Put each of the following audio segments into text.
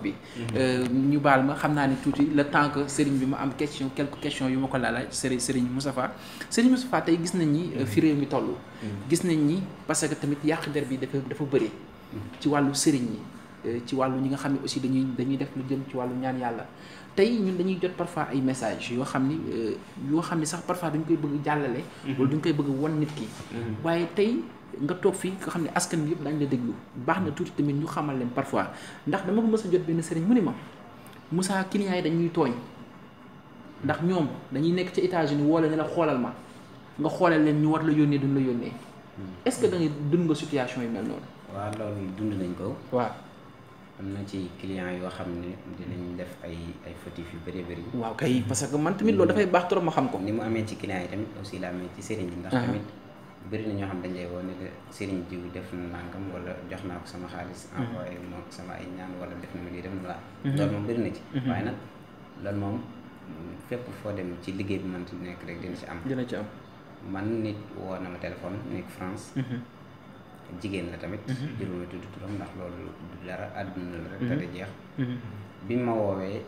bi mhm. euh, ñu baal ma xam naa ni tuuti le temps que Serigne bi ma am question quelques questions yu ma ko laalaaj Serigne Serigne Moustapha Serigne Moustapha tey gis nañ ni euh, mhm. fi réew mi toll mhm. gis nañ ni parce que tamit yàq der bi dafa dafa bëri ci wàllu Serigne yi euh, ci wàllu ñi nga xam ne aussi dañuy dañuy def lu jëm ci wàllu ñaan yàlla tey ñun dañuy jot parfois ay messages yoo xam ni yoo xam ni sax parfois duñ koy bëgg jàllale wala duñ koy bëgg won nit ki waaye tey nga toog fii nga xam ne askan bi yëpp daañu la déglu baax na tuuti tamit ñu xamal leen parfois ndax dama ko mës a jot benn sëriñ mu ni ma Moussa client yi dañuy tooñ ndax ñoom dañuy nekk ci États-Unis woo la ne la xoolal ma nga xoolal leen ñu war la yónnee duñ la yónnee hmm. est-ce que da nga dund nga situation yi mel noonu. waa loolu dund nañ ko. waa am na ci client yoo xam ne dinañ def ay ay fautif yu bëree bëri. waaw kay parce que man tamit loolu dafay baax ko. ni mu amee ci client yi tamit ci sëriñ yi ndax ah. tamit. bëri na ñoo xam dañ lay woo ne sëriñ jiw def na nangam wala jox naa ko sama xaalis mhm. envoyé moom sama ay ñaan wala def na ma lii def na laa mhm. loolu moom bëri na ci mhm. waaye nag loolu moom fépp foo dem ci liggéey bi mën ti nekk rek dina ci am dina ci man nit woo na ma téléphone nekk France jigéen la tamit jëru ma tudd turam ndax loolu du dara àdduna la rek te da jeex bi ma woowee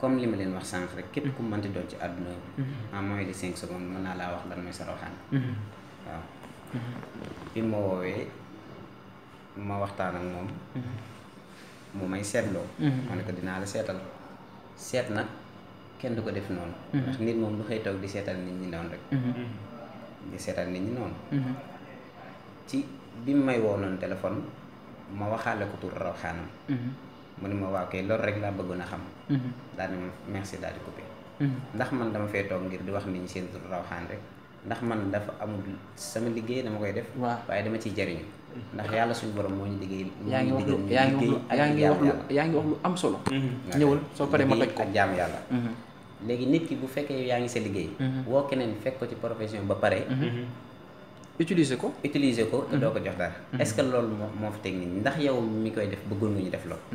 comme li ma leen wax sànq rek képp ku mënti doon ci àdduna en moins de cinq secondes mën naa laa wax lan mooy sa waaw bi ma woowee ma waxtaan ak moom mm-hmm. mu may seetloo mm-hmm. ma ne ko dinaa la seetal seet nag kenn du ko def noonu mm-hmm. ndax nit moom du xëy toog di seetal nit ñi noonu rek di seetal nit ñi noonu ci bi mu may woo noonu téléphone ma waxaale ko tur raw xaanam mu ne ma waaw kay loolu rek laa bëggoon a xam daal di ma merci daal di coupé ndax man dama fee toog ngir di wax nit ñi seen tur raw xaan rek ndax man dafa amul sama liggéey dama koy def. waaye dama ciy jariñu ndax yàlla suñu borom moo ñu liggéey. yaa ngi wax lu yaa ngi wax lu ngi wax lu am solo. Mhm. ñëwal soo paree ma toj ko ak yàlla. Mhm. léegi nit ki bu fekkee yaa ngi sa liggéey. Mhm. woo keneen fekk ko ci profession ba pare. utiliser ko utiliser ko te doo ko jox dara. est-ce que loolu moo moo fi technique ndax yow mi koy def bëggoon nga ñu def loolu.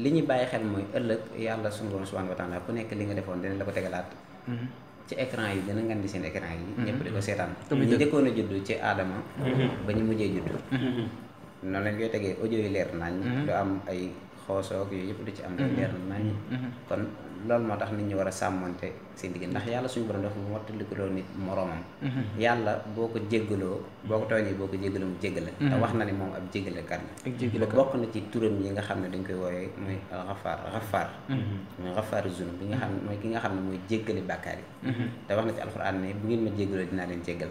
li ñu bàyyi xel mooy ëllëg yàlla suñu borom subhanahu wa taala ku nekk li nga defoon dina la ko tegalaat. ci écran yi dina ngandi seen écran yi mhm. ñëpp di ko seetaan ñu njëkkoon a judd ci aadama mhm. ba ñu mujjee judd mhm. noonu lañ koy tegee audio yi leer nañ du am ay xoosoog yooyu yëpp du ci am leer nañ kon loolu moo tax nit ñi war a sàmmante seen digg ndax yàlla suñu borom dafa mottalikuloo nit moroomam mhm. yàlla boo ko jéggaloo boo ko tooñee boo ko jéggaloo mu jéggale mhm. te wax na ne moom ab jéggalekat la bokk na ci turam yi nga xam ne dañ koy wooyee mooy xafaar xafaar mhm. mooy xafaar zunub bi nga xam ne mooy ki nga xam ne mooy jéggale bàkkaar yi te wax na ci alxuraan ne bu ngeen ma jéggaloo dinaa leen jéggal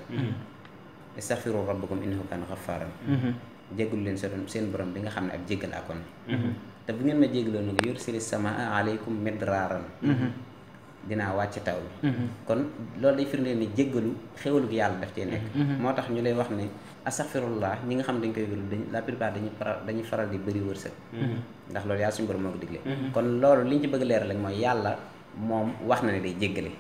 istaghfiru rabbakum innahu kaana xafaaran jéggalu leen seen borom bi nga xam ne ab jéggal akoon te bu ngeen ma jégloo nag yursil samaa aleykum midraaran mhm. dinaa wàcc taw bi mhm. kon loolu day firndeel ne jéggalu xéwalug yàlla daf cee nekk mhm. moo tax ñu lay wax ne astaxfirullah ñi nga xam dañ koy wérul dañ la plupart dañuy faral dañuy faral di bëri wërsëg ndax loolu yàlla suñu borom moo ko digle kon loolu liñ ci bëgg leer lañ mooy yàlla moom wax na ne day jéggale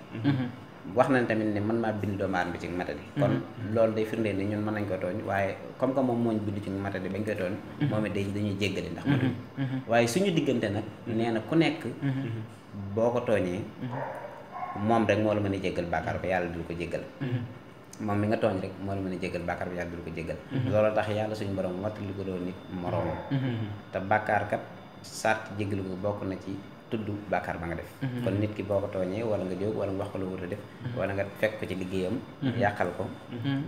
wax nañ tamit ne man maa bind doomu aadama bi ci matadi mhm. kon loolu day firndeel ni ñun mën nañ ko tooñ waaye comme que moom mooñ bind ci matadi bañ mhm. dañuy jéggale ndax matu mhm. waaye suñu diggante nag nee na ku nekk boo ko tooñee moom rek moo la mën a jéggal bàkkaar ba yàlla dul ko jéggal moom bi nga tooñ rek moo la mën a jéggal bàkkaar bi yàlla dul ko jéggal loolu tax yàlla suñu borom wattali ko doon nit moroomam te bàkkaar kat sart jéggalu ko bokk na ci tudd bàkkaar ba nga def mhm. kon nit ki boo ko tooñee wala nga jóg wala nga wax ko lu wut a def mhm. wala nga fekk ko ci liggéeyam mhm. yàqal ko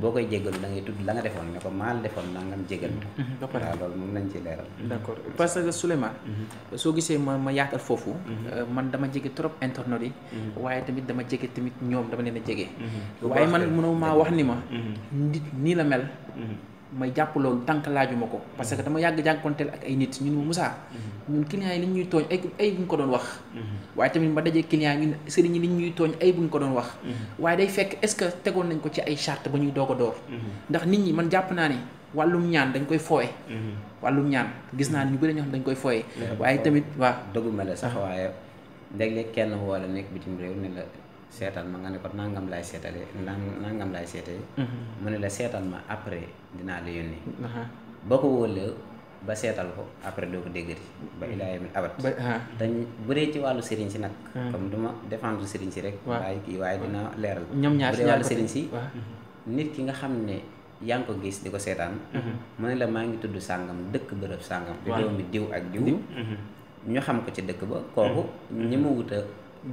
boo koy jéggalu da ngay tudd la nga defoon ne ko maal defoon na ngam jégal ma waaw loolu moom lañ ci leeral d'accord parce que Souleymane soo gisee ma ma yaatal foofu euh, man dama jege trop internet yi waaye tamit dama jege tamit ñoom dama leen a waaye man mënoo maa wax ni ma nit nii la mel may jàpp loolu tànk laajuma ko parce que dama yàgg jànkonteel ak ay nit ñun mu Moussa mhm. ñun clients li ñuy tooñ ay ay buñ ko doon wax mhm. waaye tamit ma dajee client yi ñun sëriñ ko doon wax mhm. waaye day fekk est tegoon nañ ko ci ay charte ba ñuy doog a door ndax nit ñi man jàpp naa ne wàllum ñaan dañ koy fooye wàllum ñaan gis naa ñu bëri ñoo xam dañ koy fooye waaye tamit waaw doguma la sax waaye léeg-léeg kenn woo la nekk bitim réew ne la seetaan ma nga ne ko nangam laay seetalee nangam laay seetee. Mhm. mu ne la seetaan ma après dinaa la yónni. ba ko wóolee ba seetal ko après doo ko déggati. ba ilaa yawmil abad. dañ bu dee si nag. Hmm. comme du ma défendre si rek. waaye kii waaye dina leeral. ñoom ñaar bu dee wàllu sëriñ si. ki nga xam ne yaa ngi ko gis di ko seetaan. Mhm. mu ne la maa ngi tudd sàngam dëkk bërëb sàngam. di doom diw ak diw. Mhm. ñu xam ko ci dëkk ba. kooku ñi ma wuta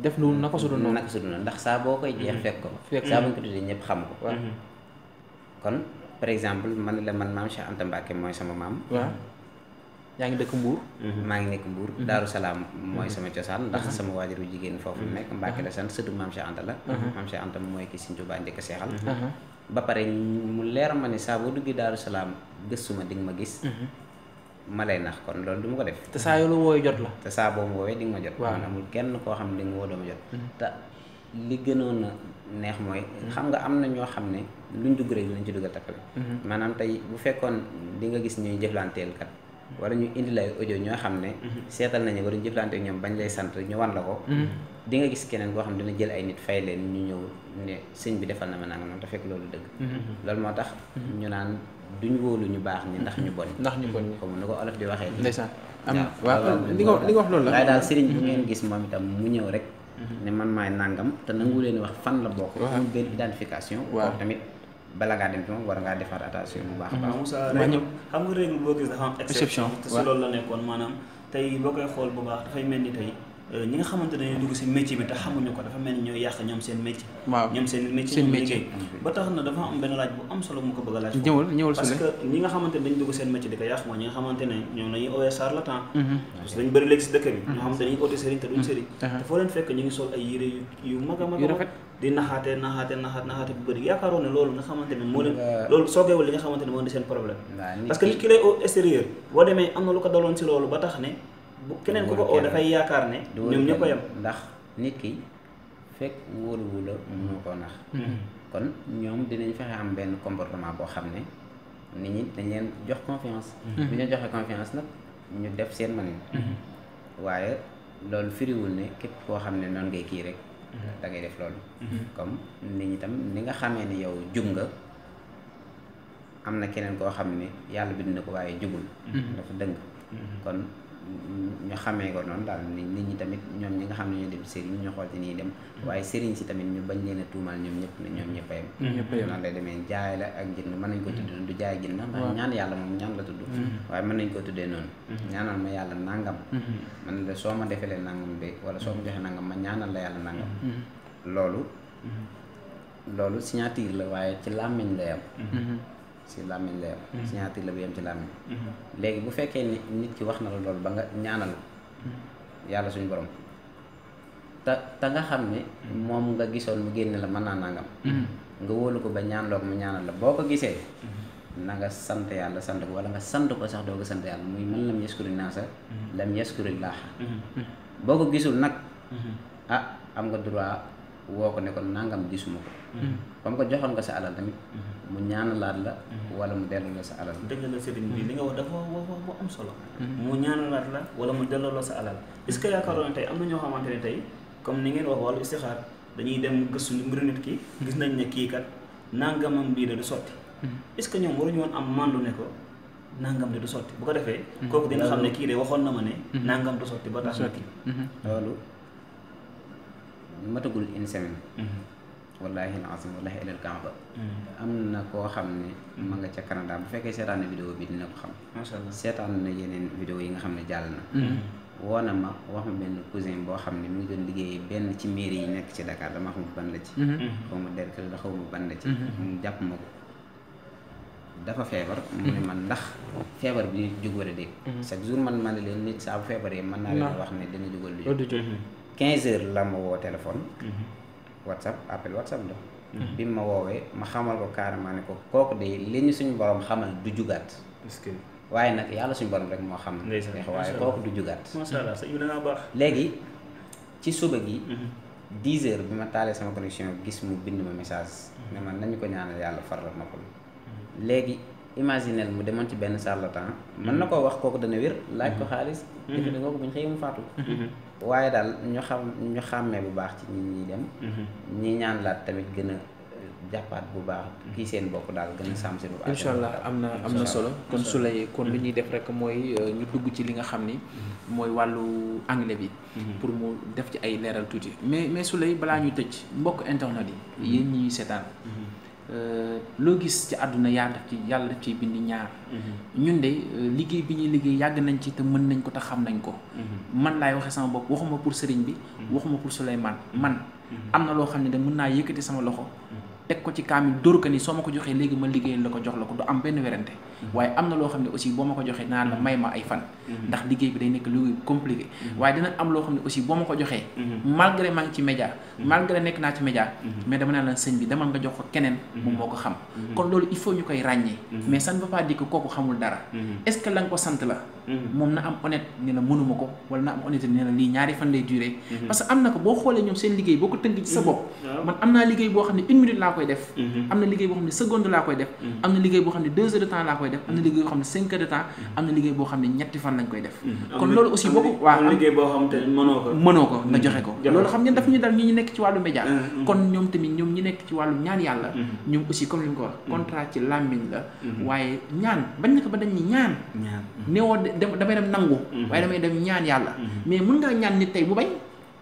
def lu naka su do mm-hmm. noonu nak su do noonu ndax sa bokay jeex mm-hmm. fek ko fek sa bokay ko tuddee xam ko mm-hmm. kon par exemple man la man mam Cheikh Anta Mbacke moy sama mam, waaw yaa ngi Mbour maa ngi nekk Mbour daru salam moy sama cosaan ndax sama waajur jigen fofu nek mbake la san surtout mam Cheikh Anta la maam Cheikh Anta moy ki Sëriñ Tuubaa ndek a ba pare mu leer ma ma gis ma lay nax kon loolu du ma ko def. te saa yoo la wooyee jot la. te saa boo ma wooyee di ma jot. waaw man amul kenn koo xam ne di nga woo dama jot. Mm-hmm. te li gënoon neex mooy. Mm-hmm. xam nga am na ñoo xam ne luñ dugg rek dinañ ci dugal tappale. Mm-hmm. maanaam tey bu fekkoon di nga gis ñuy jëflanteel kat. wala ñu indi lay audio ñoo xam ne. seetal nañu wala ñu jëflante ñoom bañ lay sant ñu wan la ko. di nga gis keneen koo xam ne dina jël ay nit fay leen ñu ñëw ne sëñ bi defal na ma nangam te fekk loolu dëgg. loolu moo tax ñu naan. duñ woolu ñu baax ni ndax ñu bon. ndax ñu bon comme ni ko olof di waxee. ndeysaan am na waaw li nga li nga wax loolu la. waaye daal sëriñ bi mm-hmm. ngeen gis moom itam mu ñëw rek. Mm-hmm. ne man maay nangam te nangu leen wax fan la bokk. waaw amul benn identification. waaw tamit bala ngaa dem ci war ngaa defar attention bu baax a baax. Mm-hmm. Moussa xam nga règle boo gis dafa am exception. te si loolu la nekkoon maanaam tey boo koy xool bu baax dafay mel ni tey. Euh, ñi nga xamante ne dugg si métier bi te xamuñu ko dafa mel ni yàq ñoom seen métier. waaw ñoom seen métier ñoom ba tax na dafa am benn laaj bu am solo mu ko bëgg a laaj. ñëwal ñëwal parce que ñi nga xamante ne dañu dugg seen métier di ko yàq mooy mm-hmm. dañu bëri si dëkk bi mm-hmm. ñoo xamante ne dañuy sëriñ mm-hmm. te foo leen fekk ñu ngi sol ay yére yu yu mag di naxaate naxaate naxaate naxaate bu bëri yaakaaroon ne loolu nga xamante moo leen loolu soogeewul li nga xamante moo di seen problème keneen ku ko oo dafay yaakaar ne ñoom ñoo ko yem ndax nit ki fekk wóoruwu la mënoo koo nax mm-hmm. kon ñoom dinañ fexe am benn comportement boo xam ne nit ñi dañ leen jox confiance mm-hmm. bu ñu joxee confiance nag ñu def seen manin mm-hmm. waaye loolu firiwul ne képp koo xam ne noonu ngay kii rek da ngay def loolu comme nit tam ni nga xamee ne yow jub nga am na keneen koo xam ne yàlla bind na ko waaye jubul dafa dëng kon ñu xamee ko noonu daal nit ñi tamit ñoom ñi nga xam ne ñoo dem sëriñ ñu xool ci nii dem mm-hmm. waaye sëriñ si tamit ñu bañ leen a tuumal ñoom ñëpp ne ñoom ñëpp a yem mm-hmm. noonu lay jaay la ak jënd mën nañ ko tuddee du jaay jënd ndax mm-hmm. ñaan yàlla moom ñaan la tudd waaye mën nañ koo tuddee noonu ñaanal ma yàlla nangam man la soo ma defee defalee nangam de wala soo ma joxee nangam ma ñaanal la yàlla nangam loolu loolu signature la waaye ci làmmiñ la am si lamine leer si ñaati la bu yem ci lamine léegi bu fekkee ni nit ki wax na la loolu ba nga ñaanal hmm. yalla suñu borom ta ta nga xam mom hmm. nga gisoon mu génne la man na nangam hmm. nga wolu ko ba ñaanloo ko mu ñaanal la boko gisé na nga sant yalla sant ko wala nga sant ko sax doo ko sant muy man lam yaskuri nasa lam yaskuri laax gisul nak ah am nga droit woo ko ne ko nangam gisuma ko ba hmm. ko joxon ko sa alal tamit hmm. mu ñaanalaat la hmm. wala mu delo la sa alal deug na serigne bi li nga wax dafa wo wo am solo mu ñaanalaat la wala mu delo la sa alal est ce que yakarone tay tey am na ñoo xamante ne comme ni ngeen wax wàllu istikhar dañuy dem gëstu ni nit ki gis nañ ne ki kat nangamam bi da du soti est ce que waru ñu won am mandu ne ko nangam de du soti bu ko defé koku dina xamne ki de waxon na ma ne nangam du soti ba tax na kii ما تقول إنسان والله العظيم والله إلى الكعبة أم نكو خمني ما نجت كندا بفكر سير عن فيديو بدي نكو خم ما شاء الله سير عن نجين فيديو ينغ خم نجالنا وأنا ما وهم بين كوزين بوا خمني مين جن دقي بين تيميري نك تدا كذا ما خم بندج خم دركل دخو بندج جاب مغ دفع فيبر من من دخ فيبر بيجي جوجو ردي سكزور من من اللي نت ساب فيبر يمنا على واحد ندين جوجو 15 heures la ma woo téléphone. Mhm. whatsapp appel whatsapp la. Mhm. bi ma woowee ma xamal ko carrément ne ko kooku de li ñu suñu borom xamal du jugaat. waaye nag yàlla suñu borom rek moo xam. ndeysaan waaye kooku du jugaat. macha allah sa léegi ci suba gi. 10 mhm. heures bi ma taalee sama connexion gis mu bind ma message. ne man nañu ko ñaanal yàlla faral ma ko léegi. imaginel mu demoon ci benn charlatan mën na koo wax kooku dana wér laaj ko mhm. xaalis défidi mhm. kooku bu ñu xëyee mu faatu mhm. waaye daal ñu xam ñu xàmmee bu baax ci nit ñi dem ñi ñaan laat tamit gën a jàppaat bu baax kii seen bopp daal gën a sàmm seen bopp allah am na am na solo kon su lay kon li ñuy def rekk mooy euh, ñu dugg ci li nga xam ni mooy wàllu anglais bi pour mu def ci ay leeral tuuti mais mais su lay balaa ñuy tëj mbokk internet yi yéen ñi seetaan Euh, loo gis ci àdduna yàlla def ci yàlla def ci bind ñaar mm-hmm. ñun de euh, liggéey bi ñuy liggéey yàgg nañ ci te mën nañ ko te xam nañ ko mm-hmm. man laay waxe sama bopp waxuma pour sëriñ bi mm-hmm. waxuma pour Souleymane man am na loo xam ne de mën naa yëkkati sama loxo teg ko ci kaamil dóor ko ni soo ma ko joxee léegi ma liggéeyal la ko jox la ko du am benn werante waaye am na loo xam ne aussi boo ma ko joxee naan la may ma ay fan mm-hmm. ndax liggéey bi day nekk lu compliqué mm-hmm. waaye dina loo xam ne aussi boo mm-hmm. naa ci média mais dama naan la man am naa liggéey boo xam ne une minute laa koy def am na liggéey boo xam ne seconde laa koy def am na liggéey boo xam ne deux heures de temps laa koy def am na liggéey yoo xam ne cinq heures de temps mhm. am na liggéey boo xam ne ñetti fan lañ koy def mhm. kon loolu aussi boo ko waaw liggéey boo xam te mënoo ko mënoo ko nga mhm. joxe ko loolu xam ngeen daf ñu dal ñi ñu nekk ci wàllu média kon ñoom tamit ñoom ñi nekk ci wàllu ñaan yàlla ñoom aussi comme li ñu ko wax contrat ci làmmiñ la waaye ñaan bañ naka ba dañ ñi ñaan néewoo damay dem nangu waaye damay dem ñaan yàlla mais mun nga ñaan nit tey bu bañ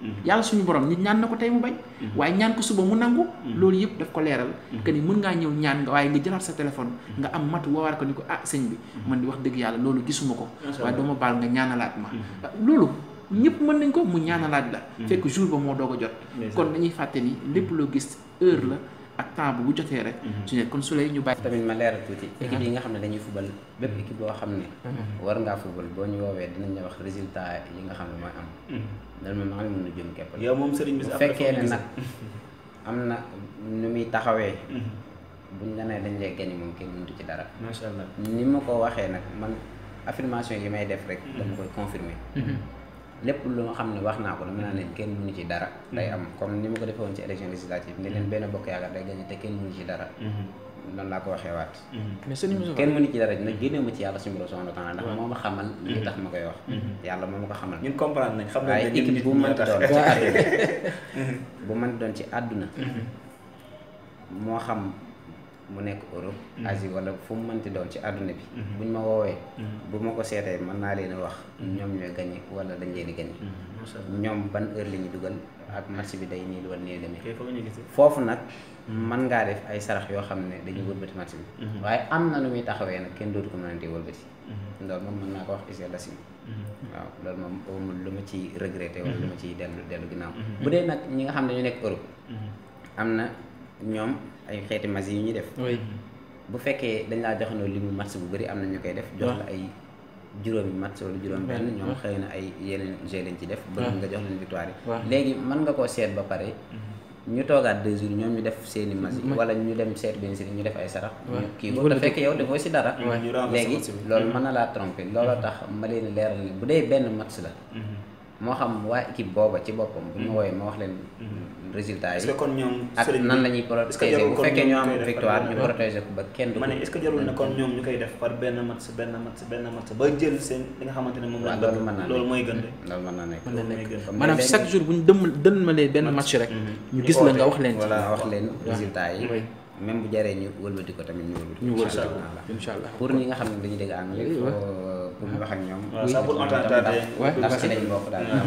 Mhm. yàlla suñu borom nit ñaan na ko tey mu bañ mhm. waaye ñaan ko suba mu nangu mhm. loolu yëpp daf ko leeral que ni mën ngaa ñëw ñaan nga waaye nga jëlaat sa téléphone nga am matu woowaat ko ni ko ah sëñ bi man di wax dëgg yàlla loolu gisuma ko waaye doo ma baal nga ñaanalaat ma ah, loolu ñëpp mën nañ ko mu ñaanalaat la fekk jour ba moo doog a jot kon dañuy fàtte ni lépp loo gis heure la ak temps bu bu jotee rek. Mhm. su ne kon su lay ñu bàyyi. tamit ma leeral tuuti. Mhm. équipe yi nga xam ne dañuy fubal bépp équipe boo xam ne. Mhm. war ngaa fubal boo ñu woowee dinañ la wax résultat yi nga xam ne mooy am. loolu moom maa ngi mën a jëm képp. yow moom sëriñ bi bu fekkee ne nag am na nu muy taxawee. buñ la nee dañ lay gañe moom kenn mëntu ci dara. macha allah ni ma ko waxee nag man affirmation yi may def rek. dama koy confirmer. lépp lu ma xam ne wax naa ko dama naa leen mhm. kenn mënu ci dara day mhm. am comme ni ma ko defee woon ci élection législative ne leen mhm. benn bokk yaakaar day gagné te kenn mënu ci dara noonu laa ko waxee waat kenn mënu ci dara nag génne ma ci yàlla suñu borom subhanahu wa taala ndax moo ma xamal li tax ma koy wax yàlla moo ma ko xamal ñun comprendre nañ xam nañ équipe bu mën doon ci àdduna bu mën doon ci àdduna moo xam mu nek Europe mm-hmm. Asie wala fu mu mënti doon ci aduna bi mm-hmm. buñ ma wowe mm-hmm. bu mako sété man na naa leen wax ñom ñoy gagné wala dañ leen di gagné ñom ban heure la ñuy dugal ak match bi day ni wala nii demé fofu nak man nga def ay sarax yo xamné ne dañuy wëlbati match bi waye am na nu muy taxawé nak kenn dootu ko mënante wëlbati loolu moom mën naa ko wax Israël la ci waaw lool mom amul lu ma ciy regretté wala lu ma ciy delu dellu ginnaaw bu dee nag ñi nga xamné ñu nek Europe amna ñom ay xeeti match yu ñuy def. bu fekkee dañ laa joxandoo li mu match bu bëri am na ñu koy def. jox la ay juróomi match wala juróom benn ñoom xëy na ay yeneen jeu lañ ci def. bëgg nga jox leen victoire yi. léegi mën nga koo seet ba pare. Mhm. ñu toogaat deux jours ñoom ñu def seeni mas yi wala ñu dem seet benn si ñu def ay sarax ñu kii ko te fekk yow defoo si dara léegi loolu mhm. mën na laa tromper looloo mhm. tax ma leen leeral bu dee benn match la moo xam waa équipe booba ci boppam bu ma ma wax leen résultat yi kon ñoom ak nan la protéger bu fekkee ñoo am victoire ñu protéger ko ba kenn du ma est ce que jarul na kon ñoom ñu def par benn match benn match benn match ba jël seen li nga xamante ne la loolu mën naa loolu mooy gën de hmm, chaque jour bu ñu dëmm dëmmalee benn match rek mhm. ñu gis la nga wax leen wax leen résultat yi même bu ñu ko tamit ñu ñu pour ñi nga dañu dégg anglais pour wax ak ndax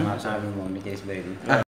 mhm. marchand